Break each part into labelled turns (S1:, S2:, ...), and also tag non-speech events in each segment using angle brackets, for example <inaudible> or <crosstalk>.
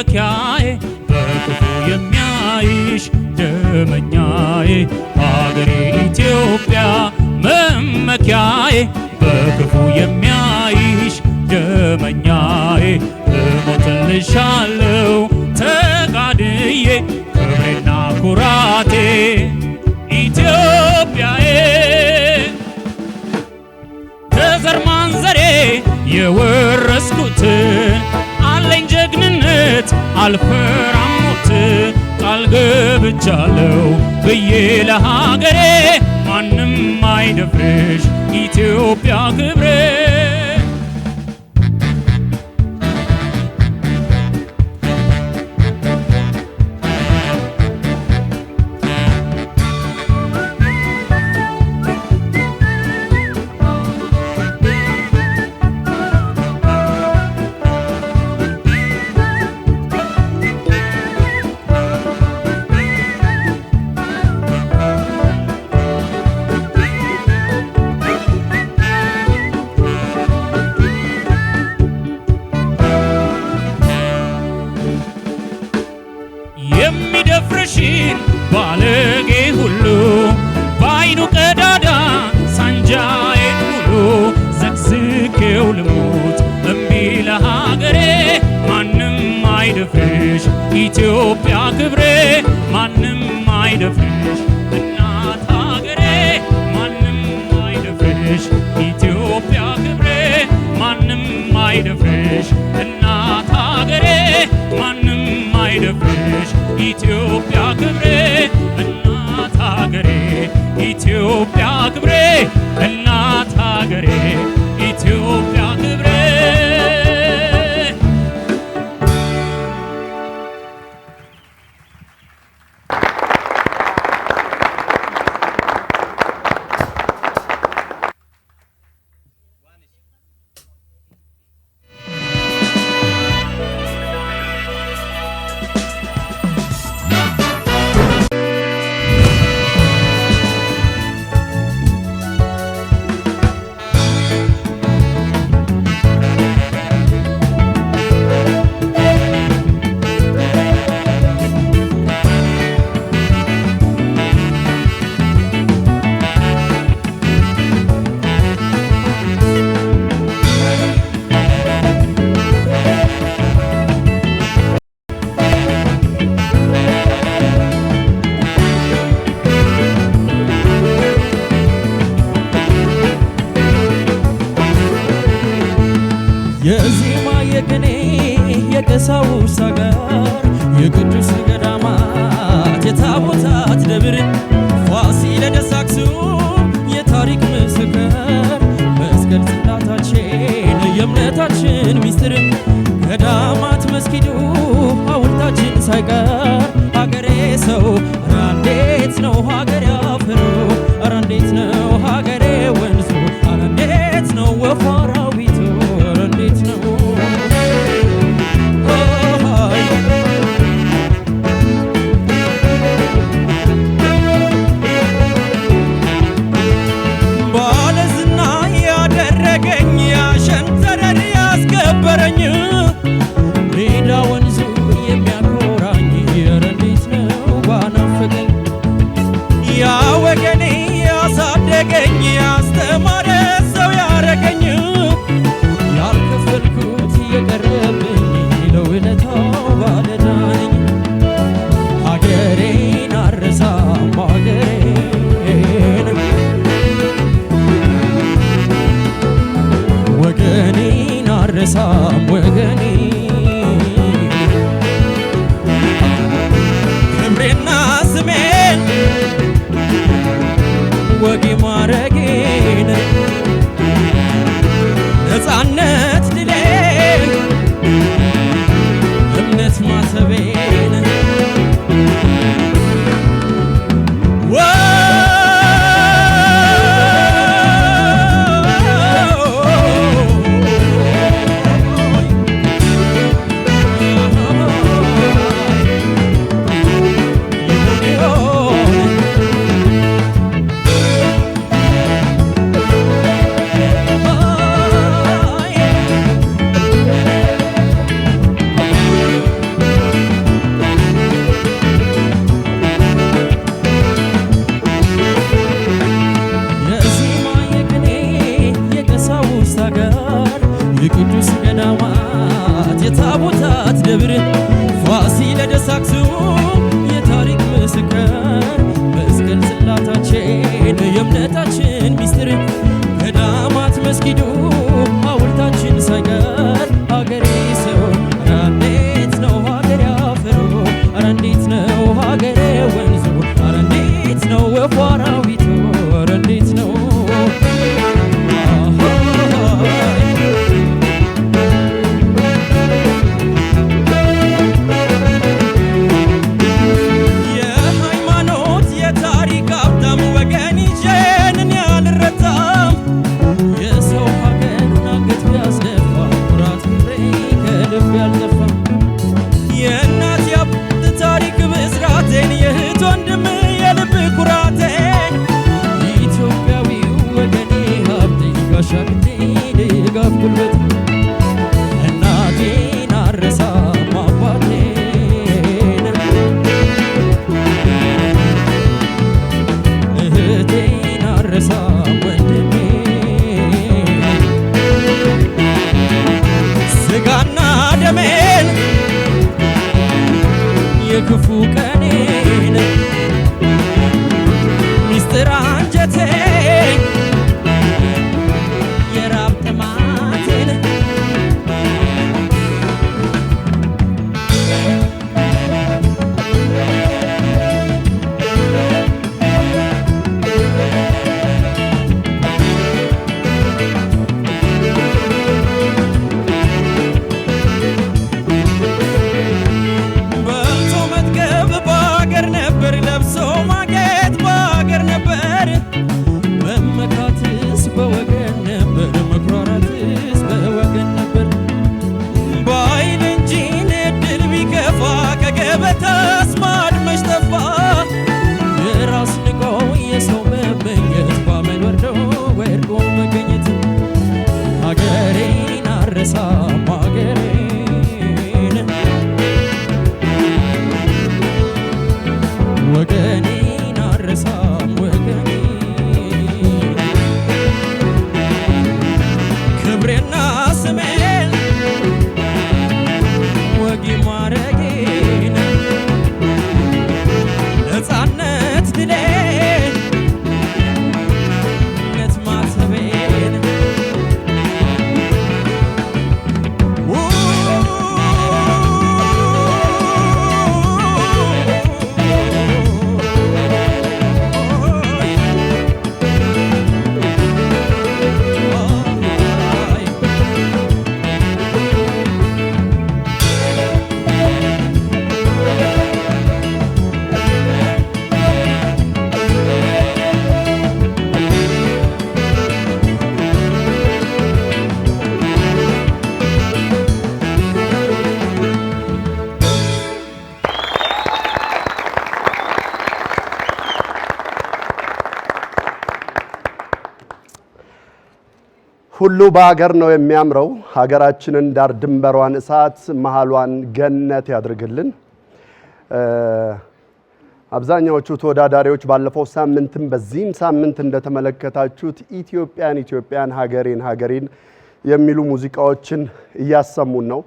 S1: መመኪያዬ በክፉ የሚያይሽ ደመኛዬ አገሬ ኢትዮጵያ መመኪያዬ በክፉ የሚያይሽ ደመኛዬ እሞትልሻለው ተጋድዬ ክብሬና ኩራቴ ኢትዮጵያዬ ተዘር ማንዘሬ የወረስኩ ሞት አልፈራም ሞት ቃል ገብቻለሁ ብዬ ለሀገሬ ማንም አይደፍርሽ ኢትዮጵያ ክብሬ ጌታችን ባለጌ ሁሉ በዓይኑ ቀዳዳ ሳንጃዬን ሙሉ ዘግዝጌው ልሙት እምቢ ለሀገሬ ማንም አይደፍርሽ ኢትዮጵያ ክብሬ ማንም አይደፍርሽ ኢትዮጵያ ክብሬ እናት አገሬ ኢትዮጵያ ክብሬ 지키죠 아울다 진사가 사막에
S2: ሁሉ በሀገር ነው የሚያምረው። ሀገራችንን ዳር ድንበሯን እሳት መሀሏን ገነት ያድርግልን። አብዛኛዎቹ ተወዳዳሪዎች ባለፈው ሳምንትም በዚህም ሳምንት እንደተመለከታችሁት ኢትዮጵያን ኢትዮጵያን፣ ሀገሬን ሀገሬን የሚሉ ሙዚቃዎችን እያሰሙን ነው።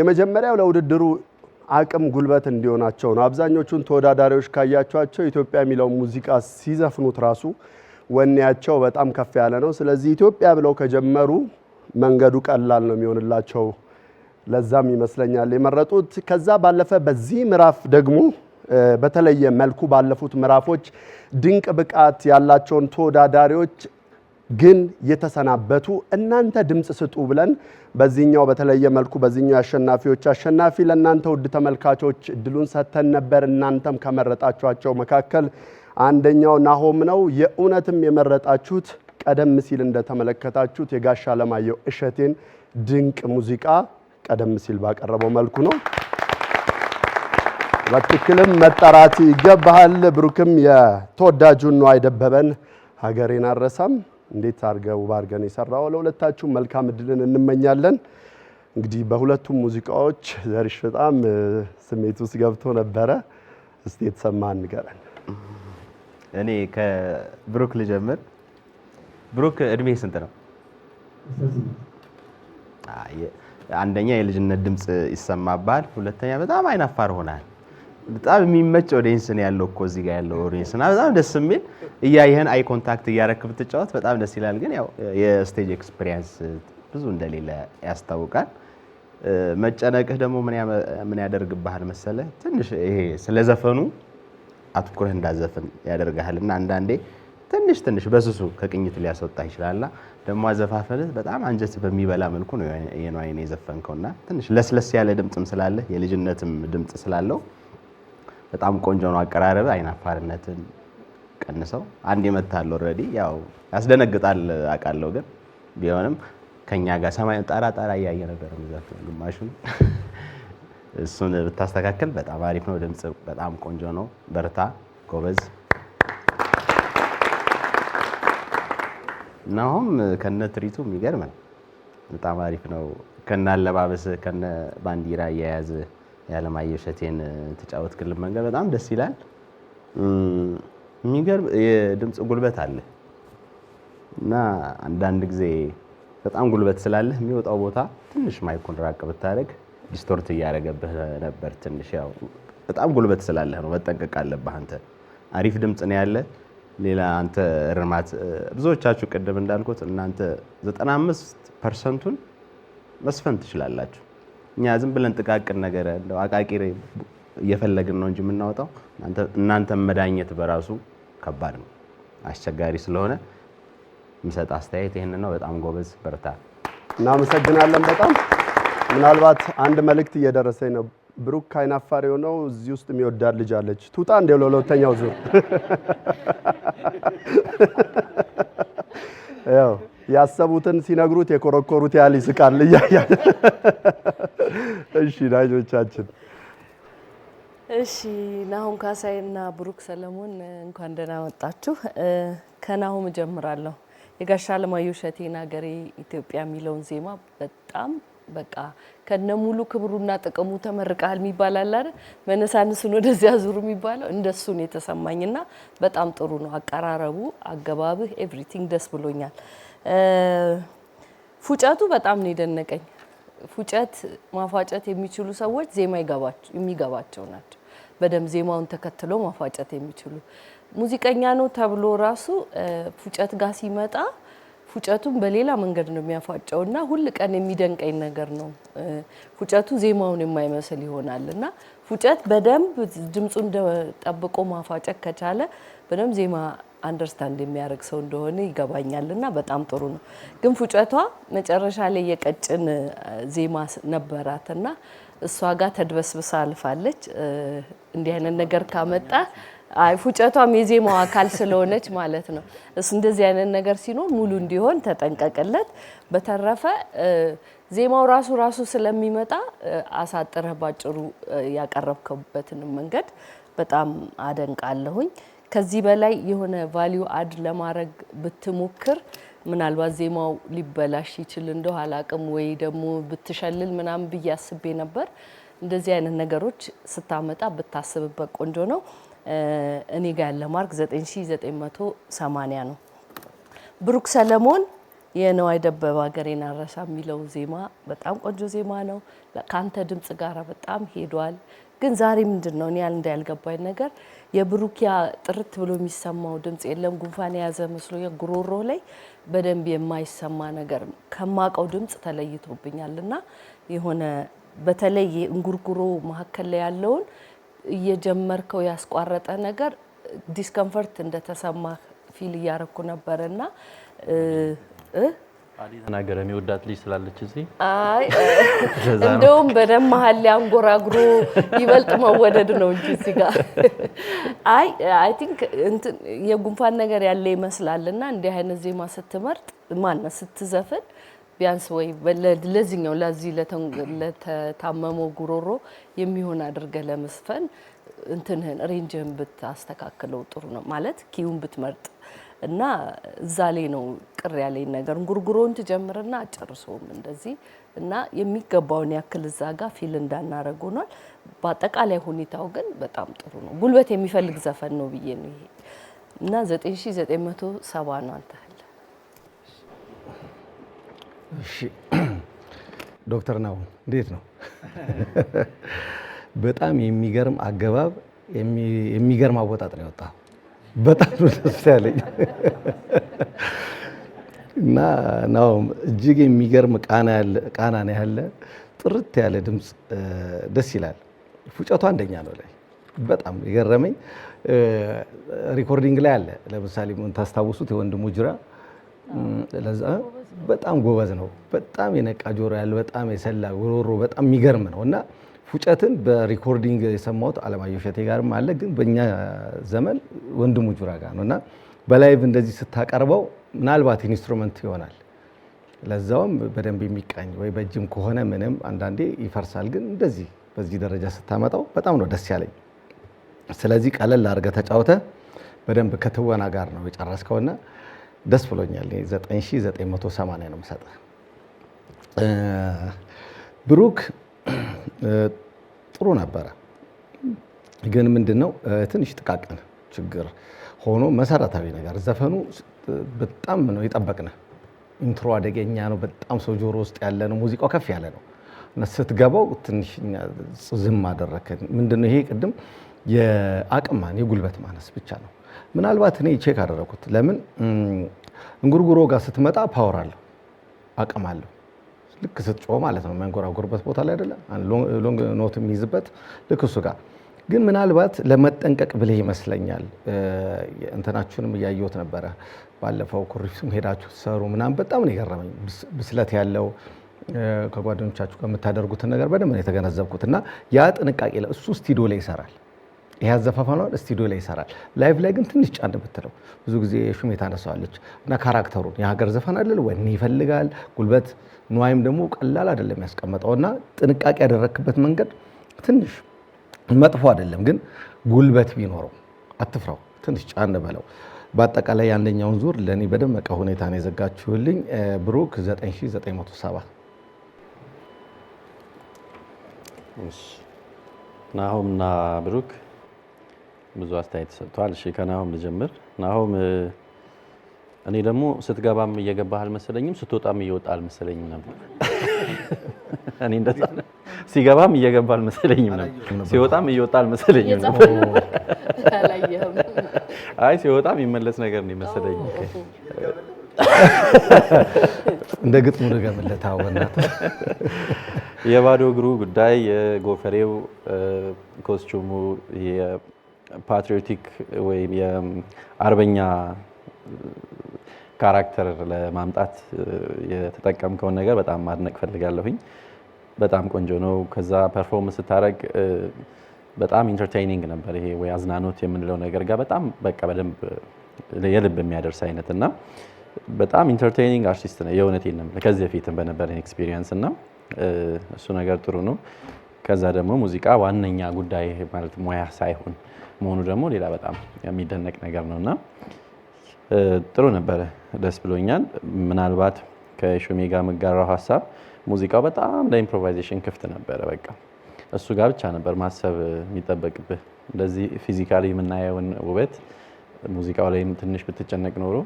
S2: የመጀመሪያው ለውድድሩ አቅም ጉልበት እንዲሆናቸው ነው። አብዛኞቹን ተወዳዳሪዎች ካያችኋቸው ኢትዮጵያ የሚለው ሙዚቃ ሲዘፍኑት ራሱ ወኔያቸው በጣም ከፍ ያለ ነው። ስለዚህ ኢትዮጵያ ብለው ከጀመሩ መንገዱ ቀላል ነው የሚሆንላቸው። ለዛም ይመስለኛል የመረጡት። ከዛ ባለፈ በዚህ ምዕራፍ ደግሞ በተለየ መልኩ ባለፉት ምዕራፎች ድንቅ ብቃት ያላቸውን ተወዳዳሪዎች ግን የተሰናበቱ እናንተ ድምፅ ስጡ ብለን በዚህኛው በተለየ መልኩ በዚህኛው አሸናፊዎች አሸናፊ ለእናንተ ውድ ተመልካቾች እድሉን ሰጥተን ነበር። እናንተም ከመረጣችኋቸው መካከል አንደኛው ናሆም ነው። የእውነትም የመረጣችሁት ቀደም ሲል እንደተመለከታችሁት የጋሻ አለማየሁ እሸቴን ድንቅ ሙዚቃ ቀደም ሲል ባቀረበው መልኩ ነው። በትክክልም መጠራት ይገባሃል። ብሩክም የተወዳጁን ነው አይደበበን ሀገሬን አረሳም እንዴት አድርገው ባርገን የሰራው ለሁለታችሁም መልካም እድልን እንመኛለን። እንግዲህ በሁለቱም ሙዚቃዎች ዘሪሽ በጣም ስሜት ውስጥ ገብቶ ነበረ። እስቲ የተሰማ ንገረን።
S3: እኔ ከብሩክ ልጀምር። ብሩክ እድሜ ስንት ነው? አንደኛ የልጅነት ድምፅ ይሰማባል፣ ሁለተኛ በጣም አይናፋር ሆናል። በጣም የሚመች ኦዲየንስ ነው ያለው እኮ እዚህ ጋር ያለው ኦዲየንስ እና በጣም ደስ የሚል እያየህን አይ ኮንታክት እያረክ ብትጫወት በጣም ደስ ይላል። ግን ያው የስቴጅ ኤክስፒሪየንስ ብዙ እንደሌለ ያስታውቃል። መጨነቅህ ደግሞ ምን ያደርግብሃል መሰለህ ትንሽ ይሄ ስለ ዘፈኑ አትኩረህ እንዳዘፍን ያደርግሃል እና አንዳንዴ ትንሽ ትንሽ በስሱ ከቅኝት ሊያስወጣ ይችላልና ደግሞ አዘፋፈንህ በጣም አንጀት በሚበላ መልኩ ነው የነዋይኔ የዘፈንከውና ትንሽ ለስለስ ያለ ድምፅም ስላለ የልጅነትም ድምፅ ስላለው በጣም ቆንጆ ነው አቀራረብ። አይናፋርነትን ቀንሰው አንድ የመታል ኦልሬዲ ያው ያስደነግጣል አውቃለሁ፣ ግን ቢሆንም ከኛ ጋር ሰማይ ጣራ ጣራ እያየ ነበር ግማሹን እሱን ብታስተካከል በጣም አሪፍ ነው። ድምፅ በጣም ቆንጆ ነው። በርታ ጎበዝ። ናሆም ከነ ትሪቱ የሚገርም ነው። በጣም አሪፍ ነው። ከነ አለባበስ ከነ ባንዲራ እየያዝ የዓለማየሁ እሸቴን ተጫወትክልን መንገድ በጣም ደስ ይላል። የሚገርም የድምፅ ጉልበት አለ እና አንዳንድ ጊዜ በጣም ጉልበት ስላለህ የሚወጣው ቦታ ትንሽ ማይኩን ራቅ ብታደርግ ዲስቶርት እያደረገብህ ነበር። ትንሽ ያው በጣም ጉልበት ስላለህ ነው፣ መጠንቀቅ አለብህ አንተ። አሪፍ ድምፅ ነው ያለ ሌላ አንተ እርማት ብዙዎቻችሁ ቅድም እንዳልኩት እናንተ 95 ፐርሰንቱን መስፈን ትችላላችሁ። እኛ ዝም ብለን ጥቃቅን ነገር እንደው አቃቂ እየፈለግን ነው እንጂ የምናወጣው እናንተ መዳኘት በራሱ ከባድ ነው፣ አስቸጋሪ ስለሆነ የምሰጥ አስተያየት ይህን ነው። በጣም ጎበዝ፣ በርታ።
S2: እናመሰግናለን በጣም ምናልባት አንድ መልእክት እየደረሰኝ ነው። ብሩክ ካይናፋር የሆነው እዚህ ውስጥ የሚወዳት ልጅ አለች። ቱጣ እንደ ለሁለተኛው ዙር ያው ያሰቡትን ሲነግሩት የኮረኮሩት ያህል ይስቃል እያያ። እሺ ዳኞቻችን።
S4: እሺ ናሁም ካሳይ እና ብሩክ ሰለሞን እንኳን ደህና መጣችሁ። ከናሁም እጀምራለሁ። የጋሻ አለማየሁ እሸቴን ሀገሬ ኢትዮጵያ የሚለውን ዜማ በጣም በቃ ከነ ሙሉ ክብሩና ጥቅሙ ተመርቃል የሚባል አለ አይደል? መነሳንስን ወደዚያ ዙሩ የሚባለው እንደሱ ነው የተሰማኝና በጣም ጥሩ ነው አቀራረቡ፣ አገባብህ፣ ኤቭሪቲንግ ደስ ብሎኛል። ፉጨቱ በጣም ነው የደነቀኝ። ፉጨት ማፏጨት የሚችሉ ሰዎች ዜማ የሚገባቸው ናቸው። በደንብ ዜማውን ተከትሎ ማፏጨት የሚችሉ ሙዚቀኛ ነው ተብሎ ራሱ ፉጨት ጋር ሲመጣ ፉጨቱን በሌላ መንገድ ነው የሚያፏጨው እና ሁል ቀን የሚደንቀኝ ነገር ነው። ፉጨቱ ዜማውን የማይመስል ይሆናል እና ፉጨት በደንብ ድምፁን ጠብቆ ማፏጨት ከቻለ በደንብ ዜማ አንደርስታንድ የሚያደርግ ሰው እንደሆነ ይገባኛል እና በጣም ጥሩ ነው። ግን ፉጨቷ መጨረሻ ላይ የቀጭን ዜማ ነበራት እና እሷ ጋር ተድበስብሳ አልፋለች። እንዲህ አይነት ነገር ካመጣ አይ ፉጨቷም የዜማው አካል ስለሆነች ማለት ነው። እሱ እንደዚህ አይነት ነገር ሲኖር ሙሉ እንዲሆን ተጠንቀቅለት። በተረፈ ዜማው ራሱ ራሱ ስለሚመጣ አሳጥረህ ባጭሩ ያቀረብከበትን መንገድ በጣም አደንቃለሁኝ። ከዚህ በላይ የሆነ ቫሊዩ አድ ለማድረግ ብትሞክር ምናልባት ዜማው ሊበላሽ ይችል እንደው አላቅም ወይ ደግሞ ብትሸልል ምናምን ብዬ አስቤ ነበር። እንደዚህ አይነት ነገሮች ስታመጣ ብታስብበት ቆንጆ ነው። እኔ ጋር ያለ ማርክ 9980 ነው። ብሩክ ሰለሞን የነዋይ ደበበ ሀገሬን አረሳ የሚለው ዜማ በጣም ቆንጆ ዜማ ነው። ከአንተ ድምፅ ጋር በጣም ሄዷል። ግን ዛሬ ምንድን ነው እኔ እንዳ ያልገባኝ ነገር የብሩኪያ ጥርት ብሎ የሚሰማው ድምፅ የለም። ጉንፋን የያዘ መስሎ ጉሮሮ ላይ በደንብ የማይሰማ ነገር ከማቀው ድምፅ ተለይቶብኛል እና የሆነ በተለይ እንጉርጉሮ መካከል ላይ ያለውን እየጀመርከው ያስቋረጠ ነገር ዲስከንፈርት እንደተሰማ ፊል እያረኩ ነበር እና
S3: ተናገረ የሚወዳት ልጅ ስላለች እዚህ
S4: እንደውም በደም መሀል ላይ አንጎራጉሮ ይበልጥ መወደድ ነው እንጂ እዚህ ጋር አይ አይ ቲንክ የጉንፋን ነገር ያለ ይመስላል እና እንዲህ አይነት ዜማ ስትመርጥ ማነ ስትዘፍን ቢያንስ ወይ ለዚህኛው ለዚህ ለተታመመው ጉሮሮ የሚሆን አድርገ ለመስፈን እንትንህን ሬንጅህን ብታስተካክለው ጥሩ ነው ማለት ኪዩን ብትመርጥ እና እዛ ላይ ነው ቅር ያለኝ ነገር። እንጉርጉሮን ትጀምርና አጨርሶም እንደዚህ እና የሚገባውን ያክል እዛ ጋር ፊል እንዳናረግ ሆኗል። በአጠቃላይ ሁኔታው ግን በጣም ጥሩ ነው። ጉልበት የሚፈልግ ዘፈን ነው ብዬ ነው ይሄ እና 9970 ነው አንተ እሺ
S3: ዶክተር ናሆም እንዴት ነው? በጣም የሚገርም አገባብ የሚገርም አወጣጥ ነው የወጣው። በጣም ደስ ያለኝ እና ናሆም እጅግ የሚገርም ቃና ነው ያለ፣ ጥርት ያለ ድምፅ ደስ ይላል። ፉጨቱ አንደኛ ነው ላይ በጣም የገረመኝ ሪኮርዲንግ ላይ አለ። ለምሳሌ ታስታውሱት የወንድሙ ጅራ ለዛ በጣም ጎበዝ ነው። በጣም የነቃ ጆሮ ያለው በጣም የሰላ ጉሮሮ በጣም የሚገርም ነው እና ፉጨትን በሪኮርዲንግ የሰማሁት አለማየሁ እሸቴ ጋርም አለ፣ ግን በእኛ ዘመን ወንድሙ ጁራ ጋር ነው እና በላይቭ እንደዚህ ስታቀርበው ምናልባት ኢንስትሩመንት ይሆናል ለዛውም በደንብ የሚቃኝ ወይ በእጅም ከሆነ ምንም አንዳንዴ ይፈርሳል። ግን እንደዚህ በዚህ ደረጃ ስታመጣው በጣም ነው ደስ ያለኝ። ስለዚህ ቀለል አድርገህ ተጫውተህ በደንብ ከትወና ጋር ነው የጨረስከውና ደስ ብሎኛል። 9980 ነው የምሰጠህ። ብሩክ ጥሩ ነበረ፣ ግን ምንድን ነው ትንሽ ጥቃቅን ችግር ሆኖ መሰረታዊ ነገር ዘፈኑ በጣም ነው የጠበቅነ። ኢንትሮ አደገኛ ነው በጣም ሰው ጆሮ ውስጥ ያለ ነው። ሙዚቃው ከፍ ያለ ነው። ስትገባው ትንሽ ዝም አደረከን። ምንድነው ይሄ ቅድም የአቅም ማን የጉልበት ማነስ ብቻ ነው ምናልባት እኔ ቼክ አደረኩት። ለምን እንጉርጉሮ ጋር ስትመጣ ፓወር አለው፣ አቅም አለው። ልክ ስትጮ ማለት ነው የሚያንጎራጉርበት ቦታ ላይ አይደለም ሎንግ ኖት የሚይዝበት ልክ እሱ ጋር ግን ምናልባት ለመጠንቀቅ ብልህ ይመስለኛል። እንትናችሁንም እያየሁት ነበረ ባለፈው ኩሪፍቱም ሄዳችሁ ሰሩ ምናምን በጣም ነው የገረመኝ። ብስለት ያለው ከጓደኞቻችሁ ጋር የምታደርጉትን ነገር በደንብ ነው የተገነዘብኩት። እና ያ ጥንቃቄ እሱ ስቱዲዮ ላይ ይሰራል ይሄ አዘፋፈኗን ስቱዲዮ ላይ ይሰራል። ላይቭ ላይ ግን ትንሽ ጫን ብትለው ብዙ ጊዜ ሹሜ ታነሳዋለች እና ካራክተሩን የሀገር ዘፈን አይደል ወኔ ይፈልጋል ጉልበት፣ ንዋይም ደግሞ ቀላል አይደለም ያስቀመጠው እና ጥንቃቄ ያደረክበት መንገድ ትንሽ መጥፎ አይደለም፣ ግን ጉልበት ቢኖረው አትፍራው፣ ትንሽ ጫን በለው። በአጠቃላይ የአንደኛውን ዙር ለእኔ በደመቀ ሁኔታ ነው የዘጋችሁልኝ። ብሩክ 9907 ናሆምና ብሩክ ብዙ አስተያየት ሰጥቷል። እሺ ከናሆም ልጀምር። ናሆም እኔ ደግሞ ስትገባም እየገባህ አልመሰለኝም፣ ስትወጣም እየወጣ አልመሰለኝም ነበር። <laughs> እኔ እንደዛ ሲገባም እየገባ አልመሰለኝም ነበር፣ ሲወጣም እየወጣ አልመሰለኝም ነበር። <laughs> አይ ሲወጣም የሚመለስ ነገር ነው የመሰለኝ። <laughs> እንደ ግጥሙ ድገምለት።
S5: የባዶ እግሩ ጉዳይ የጎፈሬው ኮስቹሙ ፓትሪዮቲክ ወይም የአርበኛ ካራክተር ለማምጣት የተጠቀምከውን ነገር በጣም ማድነቅ ፈልጋለሁኝ። በጣም ቆንጆ ነው። ከዛ ፐርፎርም ስታደረግ በጣም ኢንተርቴይኒንግ ነበር። ይሄ ወይ አዝናኖት የምንለው ነገር ጋር በጣም በቃ በደንብ የልብ የሚያደርስ አይነት እና በጣም ኢንተርቴይኒንግ አርቲስት ነው። የእውነቴን ነው ከዚህ በፊትም በነበረኝ ኤክስፒሪየንስ እና እሱ ነገር ጥሩ ነው። ከዛ ደግሞ ሙዚቃ ዋነኛ ጉዳይ ማለት ሙያ ሳይሆን መሆኑ ደግሞ ሌላ በጣም የሚደነቅ ነገር ነው እና ጥሩ ነበረ፣ ደስ ብሎኛል። ምናልባት ከሾሜ ጋር የምጋራው ሀሳብ ሙዚቃው በጣም ለኢምፕሮቫይዜሽን ክፍት ነበረ። በቃ እሱ ጋር ብቻ ነበር ማሰብ የሚጠበቅብህ። እንደዚህ ፊዚካሊ የምናየውን ውበት ሙዚቃው ላይም ትንሽ ብትጨነቅ ኖሮ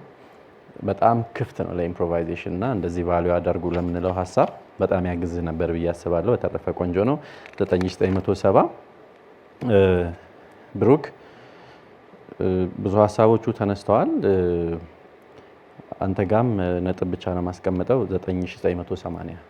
S5: በጣም ክፍት ነው ለኢምፕሮቫይዜሽን እና እንደዚህ ቫሉ አደርጉ ለምንለው ሀሳብ በጣም ያግዝህ ነበር ብዬ አስባለሁ። በተረፈ ቆንጆ ነው 9970 ብሩክ ብዙ ሀሳቦቹ ተነስተዋል። አንተ ጋም ነጥብ ብቻ ነው ማስቀምጠው 9980